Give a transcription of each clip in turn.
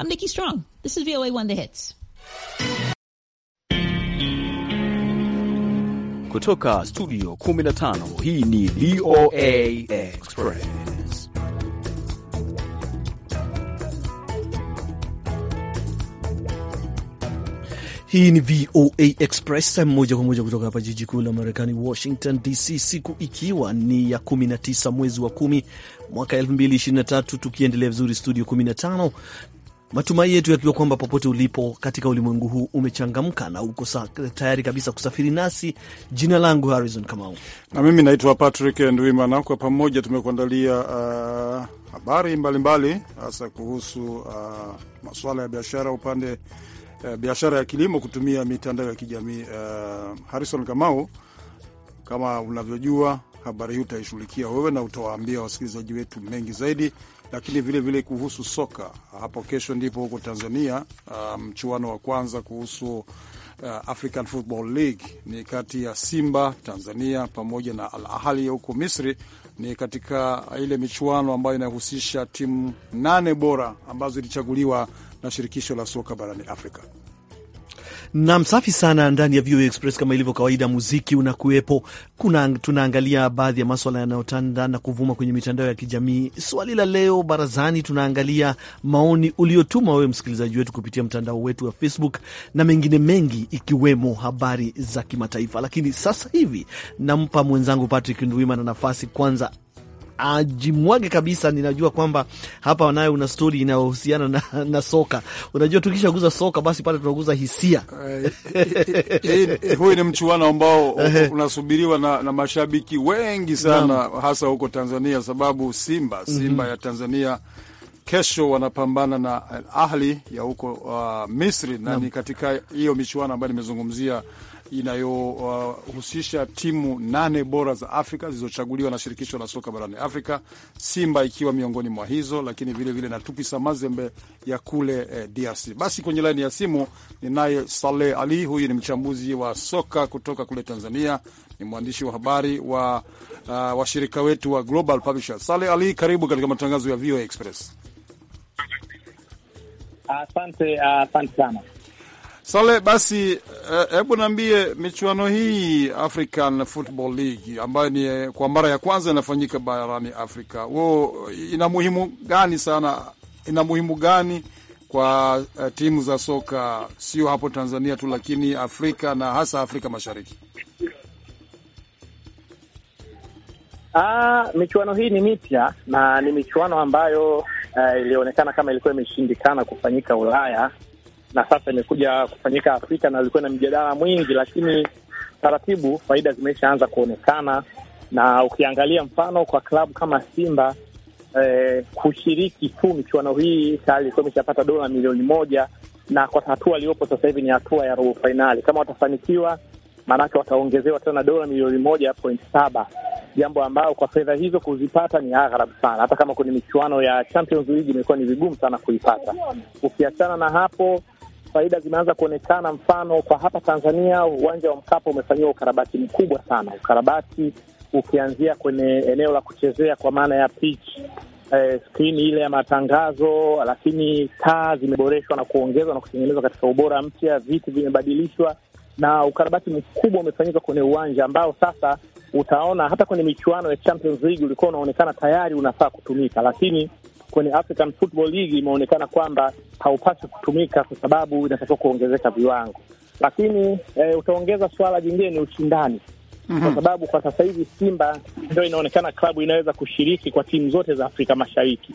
I'm Nikki Strong. This is VOA One The Hits. Kutoka studio 15 hii ni VOA Express. Hii ni VOA Express moja kwa moja kutoka hapa jiji kuu la Marekani, Washington DC, siku ikiwa ni ya 19 mwezi wa 10 mwaka 2023, tukiendelea vizuri studio 15 Matumai yetu yakiwa kwamba popote ulipo katika ulimwengu huu umechangamka na uko tayari kabisa kusafiri nasi. Jina langu Harrison Kamau na mimi naitwa Patrick Ndwimana. Kwa pamoja tumekuandalia uh, habari mbalimbali hasa mbali, kuhusu uh, masuala ya biashara upande uh, biashara ya kilimo kutumia mitandao ya kijamii uh, Harrison Kamau, kama unavyojua habari hii utaishughulikia wewe na utawaambia wasikilizaji wetu mengi zaidi, lakini vilevile vile kuhusu soka, hapo kesho ndipo huko Tanzania um, mchuano um, wa kwanza kuhusu uh, African Football League ni kati ya Simba Tanzania pamoja na Al Ahli ya huko Misri. Ni katika ile michuano ambayo inahusisha timu nane bora ambazo ilichaguliwa na shirikisho la soka barani Afrika. Nam safi sana ndani ya VOA Express. Kama ilivyo kawaida, muziki unakuwepo, kuna tunaangalia baadhi ya maswala yanayotanda na kuvuma kwenye mitandao ya kijamii. Swali la leo barazani, tunaangalia maoni uliotuma wewe msikilizaji wetu kupitia mtandao wetu wa Facebook na mengine mengi, ikiwemo habari za kimataifa. Lakini sasa hivi nampa mwenzangu Patrick nduima na nafasi kwanza ajimwage kabisa. Ninajua kwamba hapa naye una stori inayohusiana na, na soka. Unajua, tukishaguza soka basi pale tunaguza hisia. Eh, eh, eh, huyu ni mchuano ambao unasubiriwa na, na mashabiki wengi sana Naam. hasa huko Tanzania sababu Simba mhm. Simba mm -hmm. ya Tanzania kesho wanapambana na Al Ahli ya huko uh, Misri na ni katika hiyo michuano ambayo nimezungumzia inayohusisha uh, timu nane bora za Afrika zilizochaguliwa na shirikisho la soka barani Afrika, Simba ikiwa miongoni mwa hizo, lakini vilevile vile na Tupisa Mazembe ya kule eh, DRC. Basi kwenye laini ya simu ninaye Saleh Ali, huyu ni mchambuzi wa soka kutoka kule Tanzania, ni mwandishi wa habari wa uh, washirika wetu wa Global Publishers. Saleh Ali, karibu katika matangazo ya VOA Express. Asante, asante sana. Sale, basi eh, hebu eh, naambie michuano hii African Football League ambayo ni eh, kwa mara ya kwanza inafanyika barani Afrika, wo ina muhimu gani sana, ina muhimu gani kwa eh, timu za soka sio hapo Tanzania tu, lakini Afrika na hasa Afrika Mashariki? Aa, ah, michuano hii ni mipya na ni michuano ambayo uh, ilionekana kama ilikuwa imeshindikana kufanyika Ulaya na sasa imekuja kufanyika Afrika na ilikuwa na mjadala mwingi, lakini taratibu faida zimeshaanza kuonekana, na ukiangalia mfano kwa klabu kama Simba eh, kushiriki tu michuano hii tayari ilikuwa imeshapata dola milioni moja na kwa hatua aliyopo sasa hivi ni hatua ya robo fainali. Kama watafanikiwa, maanake wataongezewa tena dola milioni moja point saba jambo ambayo kwa fedha hizo kuzipata ni agharabu sana. Hata kama kwenye michuano ya Champions League imekuwa ni vigumu sana kuipata. Ukiachana na hapo, faida zimeanza kuonekana. Mfano, kwa hapa Tanzania uwanja wa Mkapa umefanyiwa ukarabati mkubwa sana, ukarabati ukianzia kwenye eneo la kuchezea kwa maana ya pitch eh, skrini ile ya matangazo, lakini taa zimeboreshwa na kuongezwa na kutengenezwa katika ubora mpya, viti vimebadilishwa na ukarabati mkubwa umefanyika kwenye uwanja ambao sasa utaona hata kwenye michuano ya Champions League ulikuwa unaonekana tayari unafaa kutumika, lakini kwenye African Football League imeonekana kwamba haupasi kutumika kwa sababu inatakiwa kuongezeka viwango, lakini e, utaongeza suala jingine ni ushindani mm -hmm. kwa sababu kwa sasa hivi Simba ndio inaonekana klabu inaweza kushiriki kwa timu zote za Afrika Mashariki.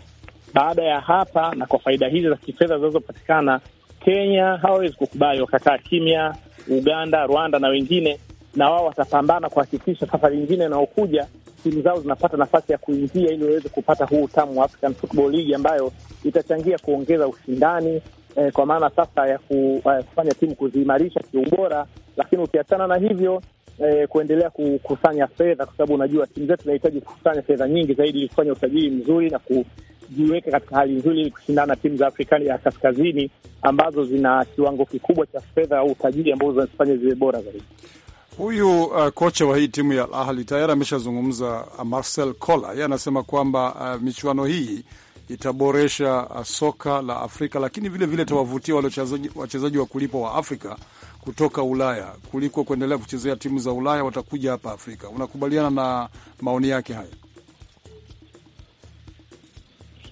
Baada ya hapa na kwa faida hizi za kifedha zinazopatikana, Kenya hawawezi kukubali wakakaa kimya, Uganda, Rwanda na wengine, na wao watapambana kuhakikisha safari nyingine inayokuja timu zao zinapata nafasi ya kuingia ili waweze kupata huu utamu wa African Football League ambayo itachangia kuongeza ushindani eh, kwa maana sasa ya ku, eh, kufanya timu kuziimarisha kiubora, lakini ukiachana na hivyo eh, kuendelea kukusanya fedha, kwa sababu unajua timu zetu zinahitaji kukusanya fedha nyingi zaidi ili kufanya usajili mzuri na kujiweka katika hali nzuri ili kushindana na timu za Afrika ya kaskazini ambazo zina kiwango kikubwa cha fedha au utajiri ambazo zinazifanya ziwe bora zaidi. Huyu uh, kocha wa hii timu ya Al Ahli tayari ameshazungumza. Uh, Marcel cola yeye anasema kwamba uh, michuano hii itaboresha uh, soka la Afrika, lakini vilevile itawavutia wale wachezaji wa kulipwa wa Afrika kutoka Ulaya kuliko kuendelea kuchezea timu za Ulaya, watakuja hapa Afrika. Unakubaliana na maoni yake haya?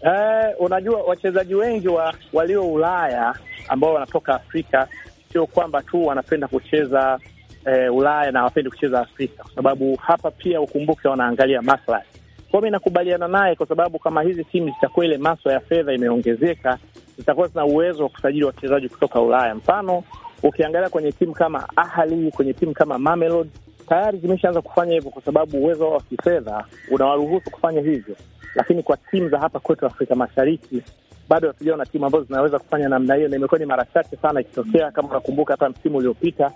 Eh, unajua wachezaji wengi wa walio Ulaya ambao wanatoka Afrika sio kwamba tu wanapenda kucheza e, Ulaya na hawapendi kucheza Afrika, kwa sababu hapa pia ukumbuke wanaangalia maslahi. Kwa mi nakubaliana naye kwa sababu kama hizi timu zitakuwa ile maswala ya fedha imeongezeka, zitakuwa zina uwezo wa kusajili wachezaji kutoka Ulaya. Mfano ukiangalia kwenye timu kama Ahali, kwenye timu kama Mamelodi tayari zimeshaanza kufanya hivyo, kwa sababu uwezo wao wa kifedha unawaruhusu kufanya hivyo. Lakini kwa timu za hapa kwetu Afrika Mashariki bado hatujaona timu ambazo zinaweza kufanya namna hiyo, na imekuwa ni mara chache sana ikitokea. Kama unakumbuka hata msimu uliopita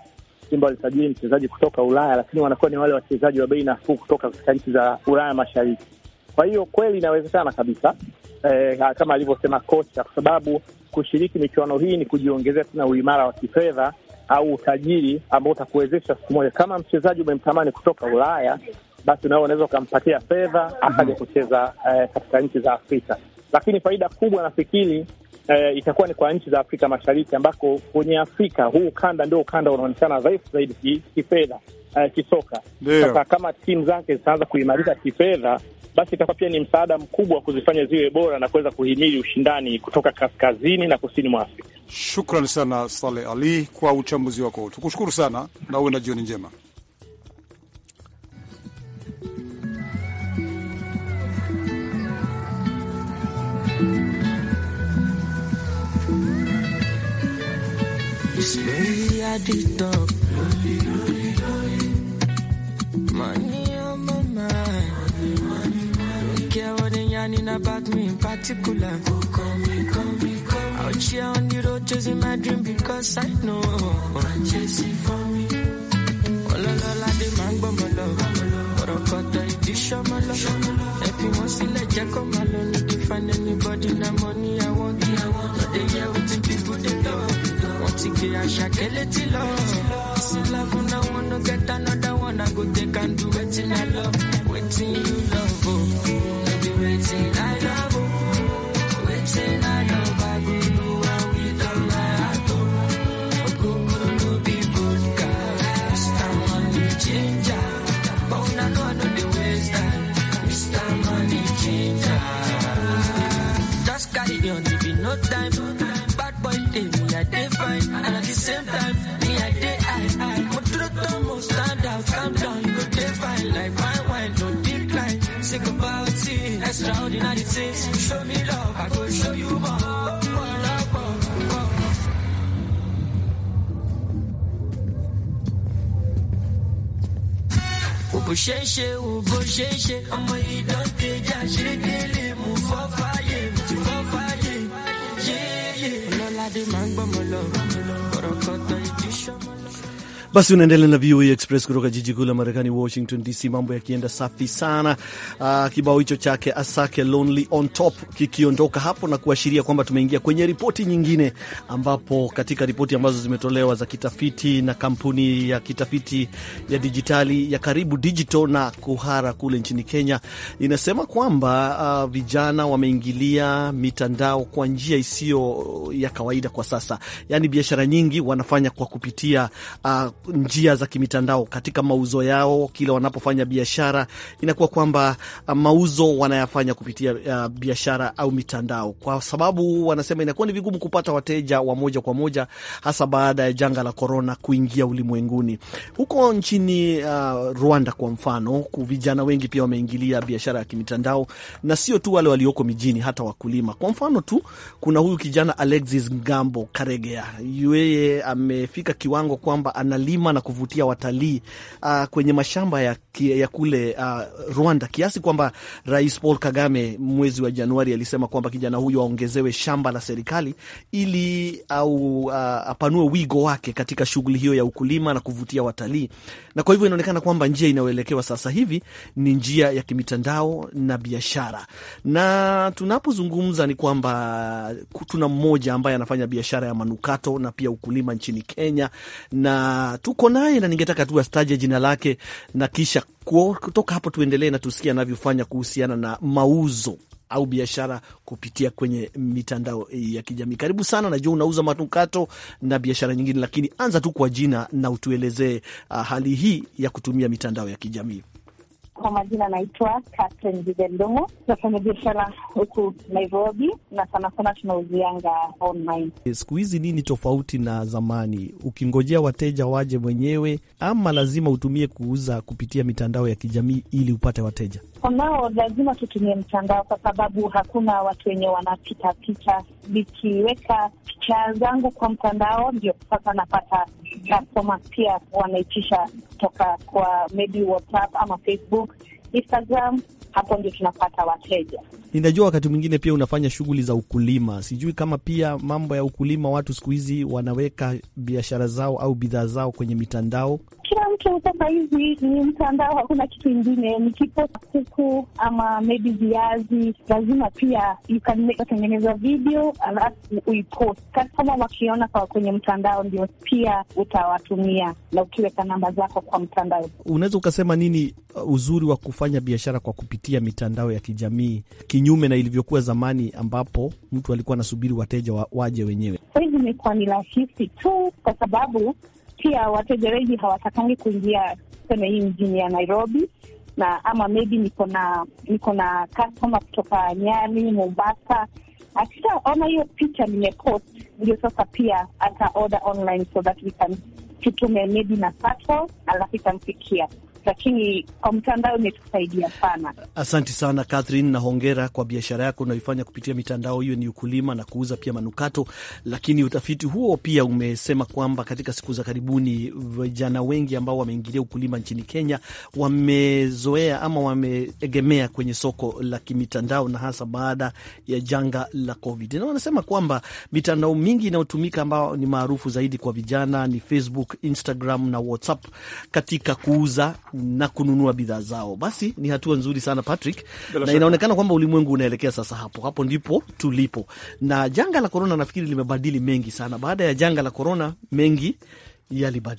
Simba walisajili mchezaji kutoka Ulaya, lakini wanakuwa ni wale wachezaji wa bei nafuu kutoka katika nchi za Ulaya Mashariki. Kwa hiyo kweli inawezekana kabisa eh, kama alivyosema kocha, kwa sababu kushiriki michuano hii ni kujiongezea tena uimara wa kifedha au utajiri ambao utakuwezesha siku moja, kama mchezaji umemtamani kutoka Ulaya, basi nao unaweza ukampatia fedha akaja kucheza eh, katika nchi za Afrika. Lakini faida kubwa nafikiri eh, itakuwa ni kwa nchi za Afrika Mashariki, ambako kwenye Afrika huu ukanda ndio ukanda unaonekana dhaifu zaidi kifedha eh, kisoka. Sasa kama timu zake zitaanza kuimarika kifedha basi itakuwa pia ni msaada mkubwa wa kuzifanya ziwe bora na kuweza kuhimili ushindani kutoka kaskazini na kusini mwa Afrika. Shukran sana Saleh Ali kwa uchambuzi wako, tukushukuru sana na uwe na jioni njema. body talk. Money on my mind. Care what they yarning about me in particular. Out here on the road chasing my dream because I know. Chasing for me. Ololola de mango molo. Orokota idisha molo. If you want to see let anybody, na money I want. But they hear what the people they love. Chiki and shakele tilo. Some love on I want to get another one. I go take and do it in I love. Waiting you love. Oh. Show me love, I will show you more. bó ṣe ń ṣe o bó ṣe ń ṣe ọmọ yìí dọ́tẹ́ jà ṣe délé mú fọ́fáyé mú fọ́fáyé yéyé. ọlọ́ládé Basi unaendelea na VOA e Express kutoka jiji kuu la Marekani, Washington DC. Mambo yakienda safi sana. Uh, kibao hicho chake Asake Lonely on Top kikiondoka hapo na kuashiria kwamba tumeingia kwenye ripoti nyingine, ambapo katika ripoti ambazo zimetolewa za kitafiti na kampuni ya kitafiti ya dijitali ya Karibu Digital na Kuhara kule nchini Kenya inasema kwamba uh, vijana wameingilia mitandao kwa njia isiyo ya kawaida kwa sasa, yaani biashara nyingi wanafanya kwa kupitia uh, njia za kimitandao katika mauzo yao, kile wanapofanya biashara, inakuwa kwamba uh, mauzo wanayafanya kupitia uh, biashara au mitandao, kwa sababu wanasema inakuwa ni vigumu kupata wateja wa moja kwa moja, hasa baada ya janga la korona kuingia ulimwenguni. Huko nchini uh, Rwanda kwa mfano, vijana wengi pia wameingilia biashara ya kimitandao, na sio tu wale walioko mijini, hata wakulima. Kwa mfano tu kuna huyu kijana Alexis Ngambo Karegea, yeye amefika kiwango kwamba anali kulima na kuvutia watalii uh, kwenye mashamba ya, ya kule uh, Rwanda, kiasi kwamba Rais Paul Kagame mwezi wa Januari alisema kwamba kijana huyo aongezewe shamba la serikali ili au uh, apanue wigo wake katika shughuli hiyo ya ukulima na kuvutia watalii. Na kwa hivyo inaonekana kwamba njia inayoelekewa sasa hivi ni njia ya kimitandao na biashara, na tunapozungumza ni kwamba tuna mmoja ambaye anafanya biashara ya manukato na pia ukulima nchini Kenya na tuko naye na ningetaka tu astaje jina lake na kisha kutoka hapo tuendelee na tusikie anavyofanya kuhusiana na mauzo au biashara kupitia kwenye mitandao ya kijamii. Karibu sana, najua unauza matukato na biashara nyingine, lakini anza tu kwa jina na utuelezee ah, hali hii ya kutumia mitandao ya kijamii. Kwa majina anaitwa Catherine Jidelungu, tunafanya biashara huku Nairobi na sana sana tunauzianga online. Siku hizi nini tofauti na zamani? Ukingojea wateja waje mwenyewe ama lazima utumie kuuza kupitia mitandao ya kijamii ili upate wateja? Nao lazima tutumie mtandao kwa sababu hakuna watu wenye wanapita picha. Nikiweka picha zangu kwa mtandao, ndio sasa napata kastoma pia wanaitisha kutoka kwa maybe WhatsApp ama Facebook, Instagram. Hapo ndio tunapata wateja ninajua wakati mwingine pia unafanya shughuli za ukulima, sijui kama pia mambo ya ukulima, watu siku hizi wanaweka biashara zao au bidhaa zao kwenye mitandao. Kila mtu sasa hizi ni mtandao, hakuna kitu ingine. Nikiposta kuku ama maybe viazi, lazima pia ukatengeneza video alafu uipost kama wakiona kwa kwenye mtandao, ndio pia utawatumia, na ukiweka namba zako kwa mtandao. Unaweza ukasema nini uh, uzuri wa kufanya biashara kwa kupitia mitandao ya kijamii? kinyume na ilivyokuwa zamani ambapo mtu alikuwa anasubiri wateja wa, waje wenyewe. Saa imekuwa ni rahisi tu, kwa sababu pia wateja wengi hawatakangi kuingia seme hii mjini ya Nairobi na ama maybe niko na niko na customer kutoka Nyali, Mombasa akishaona hiyo picha nimepost, ndio sasa pia ata order online so that we can tutume maybe na alafu itamfikia lakini kwa mtandao imetusaidia sana. Asante sana Catherine, na hongera kwa biashara yako unaoifanya kupitia mitandao hiyo, ni ukulima na kuuza pia manukato. Lakini utafiti huo pia umesema kwamba katika siku za karibuni vijana wengi ambao wameingilia ukulima nchini Kenya wamezoea ama wameegemea kwenye soko la kimitandao, na hasa baada ya janga la COVID, na wanasema kwamba mitandao mingi inayotumika ambao ni maarufu zaidi kwa vijana ni Facebook, Instagram na WhatsApp katika kuuza na kununua bidhaa zao. Basi ni hatua nzuri sana Patrick, na inaonekana kwamba ulimwengu unaelekea sasa hapo. Hapo ndipo tulipo, na janga la korona nafikiri limebadili mengi sana. Baada ya janga la korona mengi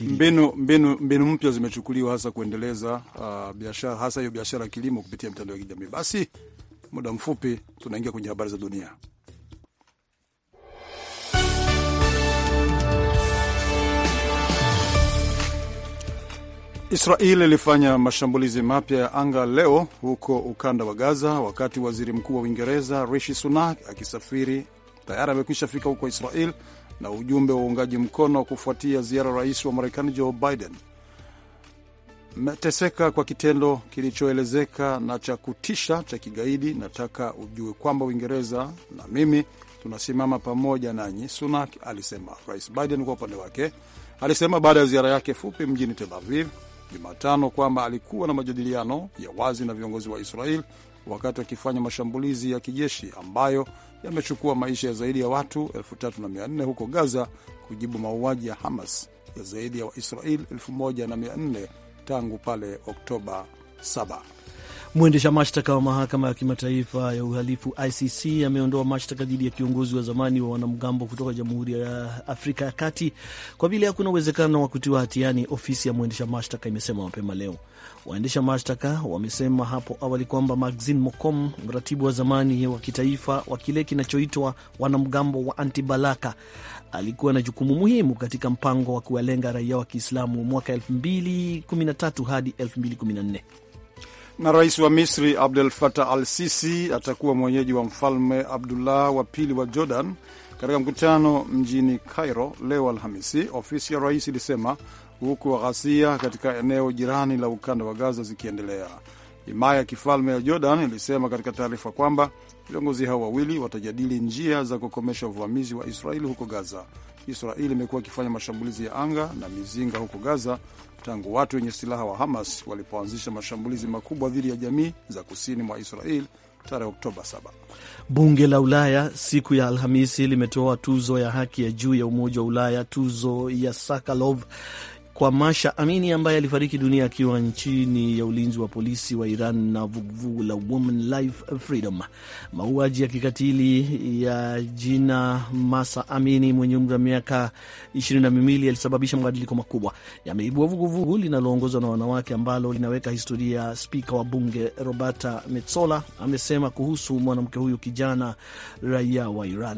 mbinu, mbinu, mbinu mpya zimechukuliwa hasa kuendeleza uh, biashara hasa hiyo biashara ya kilimo kupitia mitandao ya kijamii. Basi muda mfupi tunaingia kwenye habari za dunia. Israel ilifanya mashambulizi mapya ya anga leo huko ukanda wa Gaza, wakati waziri mkuu wa Uingereza Rishi Sunak akisafiri tayari amekwisha fika huko Israel na ujumbe wa uungaji mkono wa kufuatia ziara rais wa Marekani Joe Biden. Meteseka kwa kitendo kilichoelezeka na cha kutisha cha kigaidi. Nataka ujue kwamba Uingereza na mimi tunasimama pamoja nanyi, Sunak alisema. Rais Biden kwa upande wake alisema baada ya ziara yake fupi mjini Tel Aviv Jumatano kwamba alikuwa na majadiliano ya wazi na viongozi wa Israel wakati wakifanya mashambulizi ya kijeshi ambayo yamechukua maisha ya zaidi ya watu 3400 huko Gaza kujibu mauaji ya Hamas ya zaidi ya Waisrael 1400 tangu pale Oktoba 7. Mwendesha mashtaka wa mahakama ya kimataifa ya uhalifu ICC ameondoa mashtaka dhidi ya kiongozi wa zamani wa wanamgambo kutoka Jamhuri ya Afrika ya Kati kwa vile hakuna uwezekano wa kutiwa hatiani, ofisi ya mwendesha mashtaka imesema mapema leo. Waendesha mashtaka wamesema hapo awali kwamba Maxin Mokom, mratibu wa zamani wa kitaifa wa kile kinachoitwa wanamgambo wa Antibalaka, alikuwa na jukumu muhimu katika mpango wa kuwalenga raia wa Kiislamu mwaka 2013 hadi 2014. Na rais wa Misri Abdel Fattah al Sisi atakuwa mwenyeji wa mfalme Abdullah wa pili wa Jordan katika mkutano mjini Cairo leo Alhamisi, ofisi ya rais ilisema, huku ghasia katika eneo jirani la ukanda wa Gaza zikiendelea. Himaya ya kifalme ya Jordan ilisema katika taarifa kwamba viongozi hao wawili watajadili njia za kukomesha uvamizi wa Israeli huko Gaza. Israeli imekuwa ikifanya mashambulizi ya anga na mizinga huko Gaza tangu watu wenye silaha wa Hamas walipoanzisha mashambulizi makubwa dhidi ya jamii za kusini mwa Israel tarehe Oktoba 7. Bunge la Ulaya siku ya Alhamisi limetoa tuzo ya haki ya juu ya Umoja wa Ulaya, tuzo ya sakalov kwa Masha Amini ambaye alifariki dunia akiwa chini ya ulinzi wa polisi wa Iran na vuguvugu la Women Life Freedom. Mauaji ya kikatili ya jina Masa Amini mwenye umri wa miaka ishirini na miwili yalisababisha mabadiliko makubwa, yameibua vuguvugu linaloongozwa na wanawake ambalo linaweka historia. Spika wa bunge Roberta Metsola amesema kuhusu mwanamke huyu kijana raia wa Iran.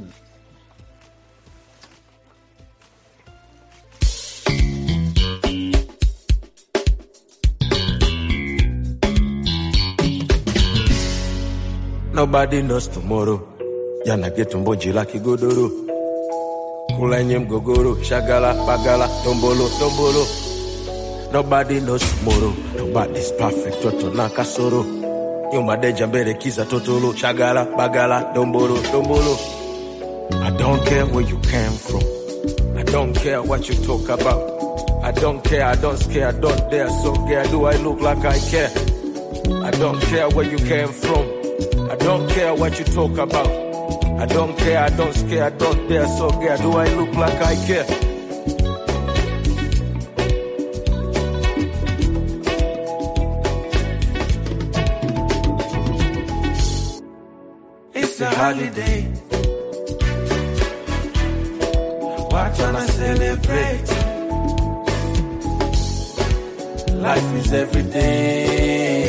Nobody knows tomorrow. Yana get jila kigodoro. Kulenye mgogoro, shagala, bagala, tombolo, tombolo. Nobody knows tomorrow. Nobody's perfect, toto na kasoro. Nyuma deja mbele kiza totolo, shagala, bagala, tombolo, tombolo. I don't care where you came from. I don't care what you talk about. I don't care, I don't care, I don't dare. So, girl, do I look like I care? I don't care where you came from don't care what you talk about. I don't care, I don't scare, I don't dare, so care. Do I look like I care? It's a holiday. Why tryna celebrate? Life is every day.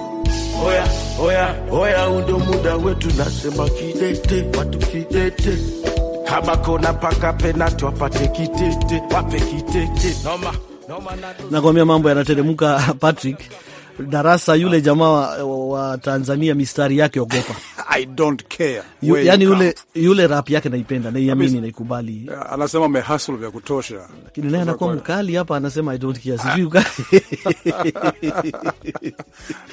oya oya oya, undo muda wetu, nasema kidete, watu kidete, kama kona paka pena apate kitete, wape kitete, noma nakwambia mambo yanateremka Patrick darasa yule jamaa wa, wa Tanzania mistari yake ogopa. I don't care you, yani you yule, yule rap yake naipenda, naiamini, naikubali. Eh, anasema mehasl vya kutosha, lakini naye anakuwa mkali hapa, anasema I don't care, ah. sijui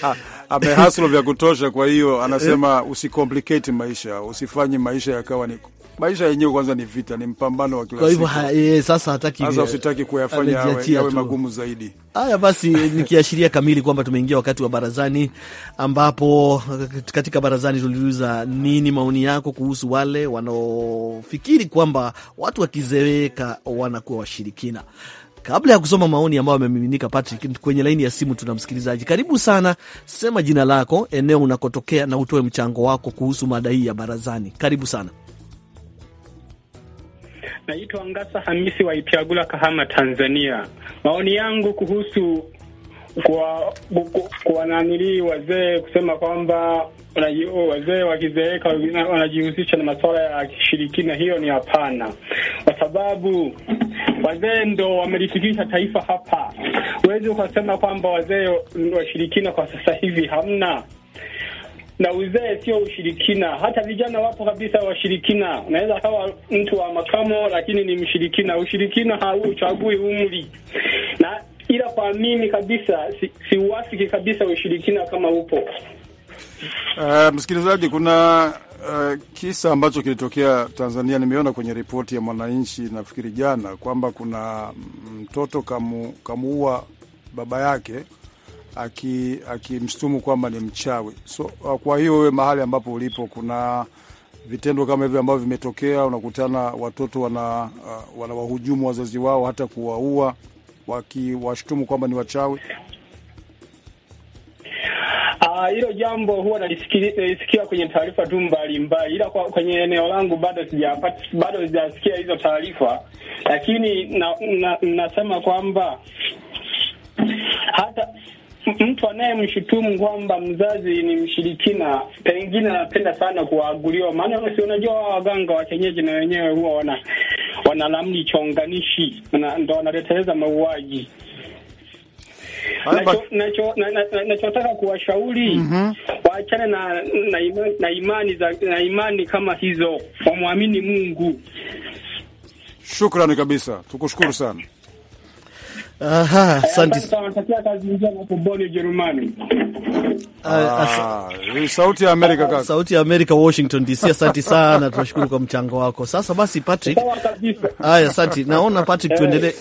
ah, amehasl vya kutosha. Kwa hiyo anasema usicomplicate maisha, usifanye maisha yakawa ni maisha yenyewe kwanza ni vita, ni mpambano wa kila siku. Kwa hivyo e, sasa hataki, sasa usitaki kuyafanya yawe magumu zaidi. Haya basi, nikiashiria kamili kwamba tumeingia wakati wa barazani, ambapo katika barazani tuliuliza nini maoni yako kuhusu wale wanaofikiri kwamba watu wakizeweka wanakuwa washirikina. Kabla ya kusoma maoni ambayo yamemiminika, Patrick, kwenye laini ya simu tuna msikilizaji. Karibu sana, sema jina lako, eneo unakotokea na utoe mchango wako kuhusu mada hii ya barazani. Karibu sana. Naitwa Ngasa Hamisi wa Itiagula, Kahama, Tanzania. Maoni yangu kuhusu kwa kwa nanili wazee kusema kwamba wazee wakizeeka wanajihusisha na masuala ya kishirikina, hiyo ni hapana, kwa sababu wazee ndo wamelifikisha taifa hapa. Huwezi ukasema kwamba wazee washirikina kwa sasa hivi hamna na uzee sio ushirikina. Hata vijana wapo kabisa washirikina. Unaweza akawa mtu wa makamo, lakini ni mshirikina. Ushirikina hauchagui umri na ila kwa mimi kabisa siuwafiki si kabisa ushirikina kama upo. Uh, msikilizaji, kuna uh, kisa ambacho kilitokea Tanzania. Nimeona kwenye ripoti ya Mwananchi nafikiri jana kwamba kuna mtoto kamu, kamuua baba yake akimshtumu aki kwamba ni mchawi. So ah, kwa hiyo wewe, mahali ambapo ulipo, kuna vitendo kama hivyo ambavyo vimetokea, unakutana watoto wana uh, wanawahujumu wazazi wao hata kuwaua wakiwashutumu kwamba ni wachawi? Ah, hilo uh, jambo huwa nalisikia kwenye taarifa tu mbalimbali, ila kwa, kwenye eneo langu bado sijapata, bado sijasikia hizo taarifa, lakini nasema na, na kwamba hata mtu anayemshutumu kwamba mzazi ni mshirikina, pengine anapenda sana kuwaaguliwa, maana si unajua waganga wa kienyeji na wenyewe huwa wana wanalamli chonganishi na ndo wanaleteleza mauaji. Nachotaka kuwashauri mhm. Waachane na na imani, na imani za na imani kama hizo, wamwamini Mungu. Shukrani kabisa, tukushukuru sana. Aha, ah, ah, asante Sauti ya Amerika kaka. Sauti ya Amerika Washington DC, asante sana tunashukuru kwa mchango wako. Sasa basi Patrick. Haya, asante. Naona Patrick tuendelee eh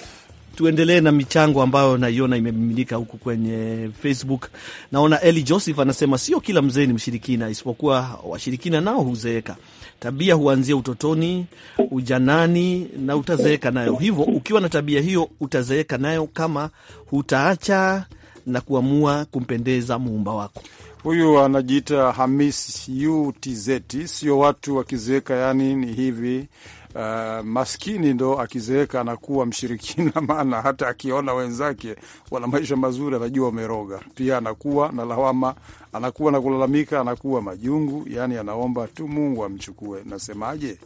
tuendelee na michango ambayo naiona imemiminika huku kwenye Facebook. Naona Eli Joseph anasema sio kila mzee ni mshirikina, isipokuwa washirikina nao huzeeka. Tabia huanzia utotoni, ujanani na utazeeka nayo. Hivyo ukiwa na tabia hiyo utazeeka nayo kama hutaacha na kuamua kumpendeza muumba wako. Huyu anajiita Hamis UTZ. Sio watu wakizeeka, yani ni hivi uh, maskini ndo akizeeka anakuwa mshirikina, maana hata akiona wenzake wana maisha mazuri anajua wameroga. Pia anakuwa na lawama, anakuwa na kulalamika, anakuwa majungu, yani anaomba tu Mungu amchukue. Nasemaje?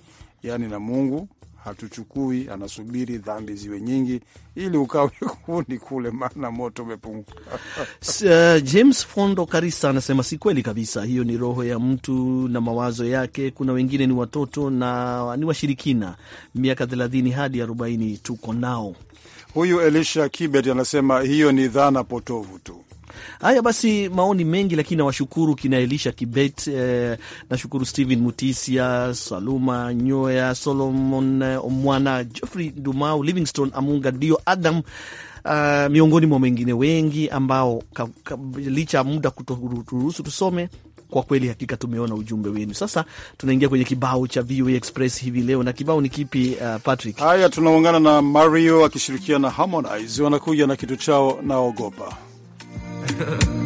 Yani na Mungu hatuchukui, anasubiri dhambi ziwe nyingi ili ukawe kuni kule, maana moto umepungua. Uh, James Fondo Karisa anasema si kweli kabisa, hiyo ni roho ya mtu na mawazo yake. Kuna wengine ni watoto na ni washirikina. Miaka thelathini hadi arobaini tuko nao. Huyu Elisha Kibet anasema hiyo ni dhana potovu tu. Haya basi, maoni mengi, lakini nawashukuru kina Elisha Kibet eh, nashukuru Steven Mutisia, Saluma Nyoya, Solomon eh, Omwana, Geoffrey Dumau, Livingstone Amunga, Dio Adam Uh, miongoni mwa wengine wengi ambao ka, ka, licha ya muda kutoruhusu tusome, kwa kweli hakika tumeona ujumbe wenu. Sasa tunaingia kwenye kibao cha VOA e Express hivi leo, na kibao ni kipi uh, Patrick? Haya, tunaungana na Mario akishirikiana na Harmonize, wanakuja na kitu chao naogopa Ha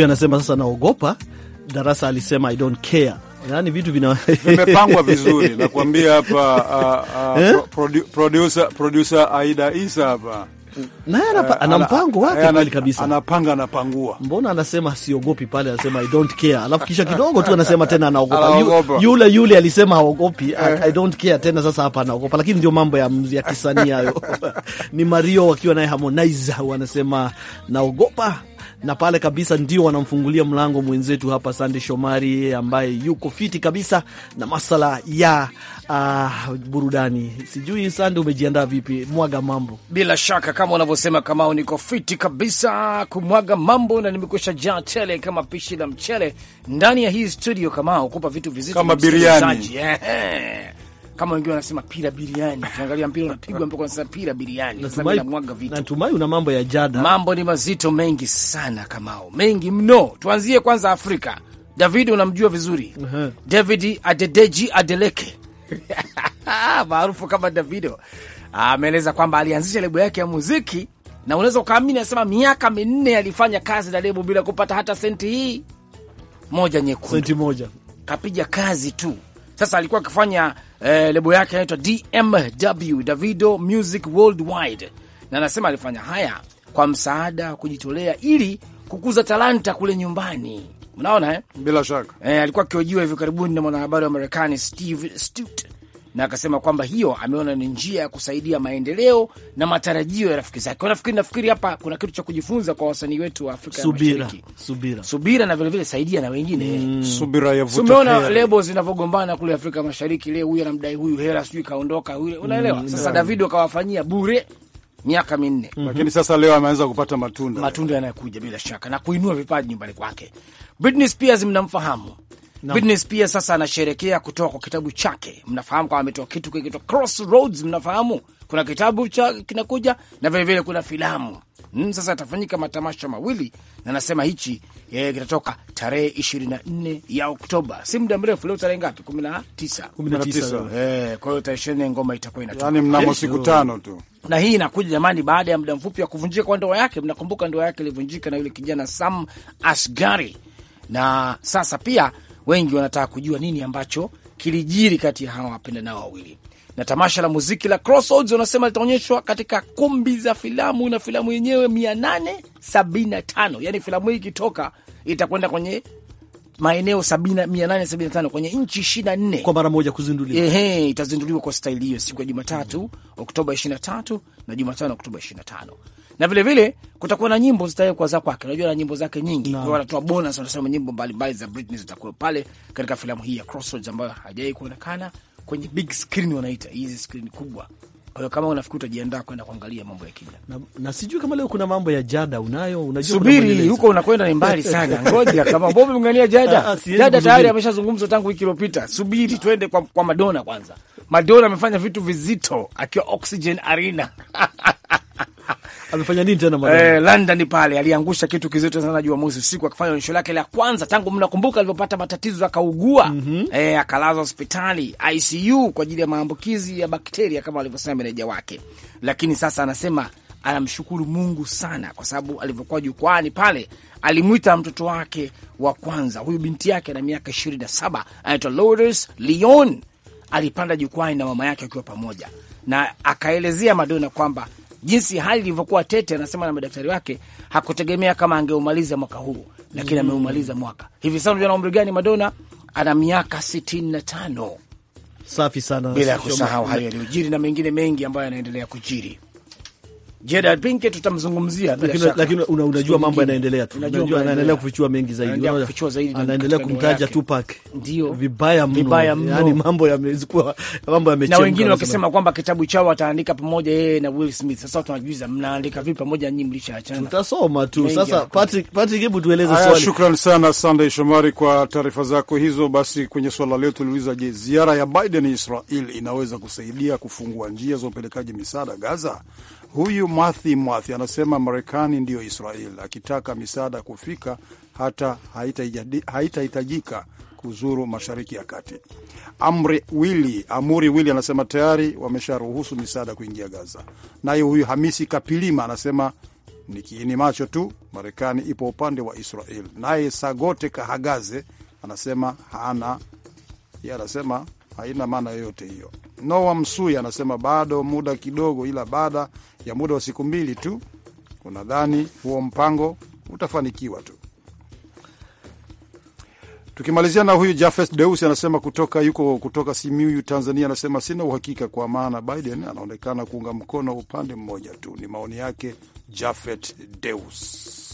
huyu anasema sasa naogopa darasa alisema I don't care. Yani vitu vina vimepangwa vizuri, nakwambia hapa uh, uh, eh? produ producer, producer Aida Isa hapa naye ana eh, mpango wake eh, kweli kabisa, anapanga anapangua. Mbona anasema siogopi pale, anasema I don't care, alafu kisha kidogo tu anasema tena anaogopa. Yule yule alisema haogopi eh? I don't care tena, sasa hapa anaogopa. Lakini ndio mambo ya, ya kisanii hayo. Ni Mario wakiwa naye Harmonize wanasema naogopa na pale kabisa ndio wanamfungulia mlango mwenzetu hapa Sande Shomari ambaye yuko fiti kabisa na masala ya uh, burudani. Sijui Sande umejiandaa vipi? Mwaga mambo. Bila shaka kama unavyosema Kamau, niko fiti kabisa kumwaga mambo na nimekusha jaa tele kama pishi la mchele ndani ya hii studio Kamau, kupa vitu vizito kama biriani kama wengine wanasema pira biriani. Ukiangalia mpira unapigwa mpaka wanasema pira biriani, mwaga vitu. Natumai una mambo ya jada, mambo ni mazito mengi sana, kamao mengi mno. Tuanzie kwanza Afrika. David unamjua vizuri uh -huh. David Adedeji Adeleke maarufu kama Davido ameeleza kwamba alianzisha lebo yake ya muziki na unaweza ukaamini, anasema miaka minne alifanya kazi na lebo bila kupata hata senti hii moja nyekundu, senti moja. Kapiga kazi tu sasa alikuwa akifanya eh, lebo yake inaitwa DMW, Davido Music Worldwide, na anasema alifanya haya kwa msaada wa kujitolea ili kukuza talanta kule nyumbani. Unaona eh? Bila shaka eh, alikuwa akiojiwa hivi karibuni na mwanahabari wa Marekani Steve Stute na akasema kwamba hiyo ameona ni njia ya kusaidia maendeleo na matarajio ya rafiki zake. Nafikiri nafikiri hapa kuna kitu cha kujifunza kwa wasanii wetu wa Afrika subira, Mashariki, subira, subira na vilevile saidia na wengine mm, subira ya vuta. Umeona lebo zinavyogombana kule Afrika Mashariki, leo huyu anamdai huyu hela, sijui kaondoka yule, unaelewa mm. Sasa Davido kawafanyia bure miaka minne mm -hmm. Lakini sasa leo ameanza kupata matunda, matunda yanayokuja bila shaka na kuinua vipaji nyumbani kwake. Britney Spears mnamfahamu No. Britney Spears sasa anasherekea kutoka kwa kitabu chake. Mnafahamu kwamba ametoa kitu kinaitwa Crossroads, mnafahamu kuna kitabu cha kinakuja na vilevile vile kuna filamu mm. Sasa atafanyika matamasha mawili na nasema hichi yeye eh, kitatoka tarehe 24 ya Oktoba, si muda mrefu. Leo tarehe ngapi? 19, 19. Eh, kwa hiyo tarehe ngoma itakuwa inatoka, yani mnamo siku tano tu, na hii inakuja jamani, baada ya muda mfupi wa kuvunjika kwa ndoa yake. Mnakumbuka ndoa yake ilivunjika na yule kijana Sam Asgari, na sasa pia wengi wanataka kujua nini ambacho kilijiri kati ya hawa nao wawili. Na tamasha la muziki la Crossroads wanasema litaonyeshwa katika kumbi za filamu na filamu yenyewe 875 yani filamu hii ikitoka itakwenda kwenye maeneo 875 kwenye nchi 24 kwa mara moja kuzinduliwa. Ehe, itazinduliwa kwa staili hiyo siku ya Jumatatu Oktoba 23 na Jumatano Oktoba 25 na vile vile kutakuwa na nyimbo zitawekwa za kwake, unajua na nyimbo zake nyingi kwa hiyo anatoa bonus, wanasema nyimbo mbalimbali za Britney zitakuwa pale katika filamu hii ya Crossroads ambayo hajawai kuonekana kwenye big screen, wanaita hizi screen kubwa. Kwa hiyo kama unafikiri utajiandaa kwenda kuangalia mambo ya kina na, na sijui kama leo kuna mambo ya jada unayo, unajua subiri huko unakwenda ni mbali sana, ngoja kama bombe mngania jada ah, ah, jada tayari ameshazungumza tangu wiki iliyopita, subiri twende kwa, kwa Madonna kwanza. Madonna amefanya vitu vizito akiwa Oxygen Arena amefanya nini tena Maradona? Eh, London pale aliangusha kitu kizito sana Jumamosi usiku, akifanya onyesho lake la kwanza tangu mnakumbuka alipopata matatizo akaugua. mm -hmm. Eh, akalazwa hospitali ICU kwa ajili ya maambukizi ya bakteria kama alivyosema meneja wake, lakini sasa anasema anamshukuru Mungu sana kwa sababu alivyokuwa jukwani pale alimwita mtoto wake wa kwanza, huyu binti yake na miaka 27 anaitwa Lourdes Leon. Alipanda jukwani na mama yake akiwa pamoja na akaelezea Madonna kwamba jinsi hali ilivyokuwa tete, anasema na madaktari wake, hakutegemea kama angeumaliza mwaka huu, lakini mm. ameumaliza mwaka hivi sasa. Unajua na umri gani Madonna ana? Miaka sitini na tano. Safi sana, bila ya kusahau hayo yaliyojiri na mengine mengi ambayo yanaendelea kujiri. Gerald Pinke tutamzungumzia, lakini lakini unajua mambo yanaendelea tu, unajua anaendelea kufichua mengi zaidi, anaendelea kumtaja Tupac ndio vibaya mno, yani mambo yamezikuwa mambo yamechemka, na wengine wakisema kwamba kitabu chao ataandika pamoja yeye na Will Smith. Sasa tunajiuliza mnaandika vipi pamoja, nyinyi mlishaachana? Tutasoma tu sasa. Patrick, Patrick, hebu tueleze swali. Shukrani sana Sunday Shomari kwa taarifa zako hizo. Basi kwenye swala leo tuliuliza, je, ziara ya Biden Israel inaweza kusaidia kufungua njia za upelekaji misaada Gaza? Huyu Mwathi Mwathi anasema Marekani ndiyo Israel, akitaka misaada kufika hata haitahitajika haita kuzuru mashariki ya kati. Amri Wili, Amuri Wili anasema tayari wamesharuhusu misaada kuingia Gaza. Naye huyu Hamisi Kapilima anasema ni kiini macho tu, Marekani ipo upande wa Israel. Naye Sagote Kahagaze anasema hana, yeye anasema haina maana yoyote hiyo. Noa Msuya anasema bado muda kidogo, ila baada ya muda wa siku mbili tu unadhani huo mpango utafanikiwa tu. Tukimalizia na huyu Jafes Deus anasema kutoka yuko kutoka Simiyu, Tanzania, anasema sina uhakika kwa maana Biden anaonekana kuunga mkono upande mmoja tu. Ni maoni yake Jafet Deus.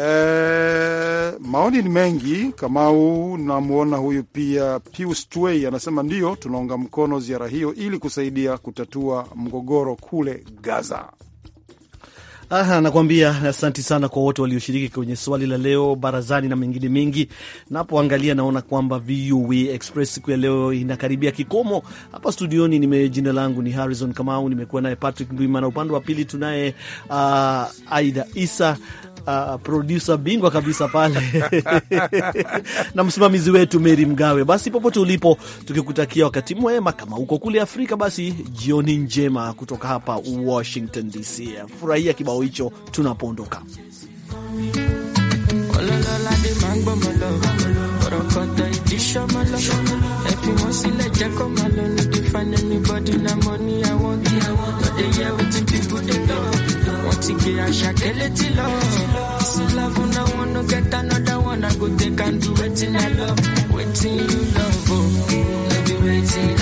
Eh, maoni ni mengi Kamau. Namwona huyu pia Pius Tway anasema ndiyo, tunaunga mkono ziara hiyo ili kusaidia kutatua mgogoro kule Gaza. Aha, nakwambia asanti sana kwa wote walioshiriki kwenye swali la leo barazani na mengine mengi. Napoangalia naona kwamba VOA e Express siku ya leo inakaribia kikomo. Hapa studioni nime, jina langu ni Harrison Kamau, nimekuwa naye Patrick Ndwimana, upande wa pili tunaye uh, Aida Isa uh, produsa bingwa kabisa pale na msimamizi wetu Meri Mgawe. Basi popote ulipo, tukikutakia wakati mwema. Kama uko kule Afrika, basi jioni njema kutoka hapa Washington DC. Furahia kibao hicho tunapoondoka. Sikiasha keleti love. This love and I want get another one. I go take and do it in I love. Waiting you love, oh. Love you waiting.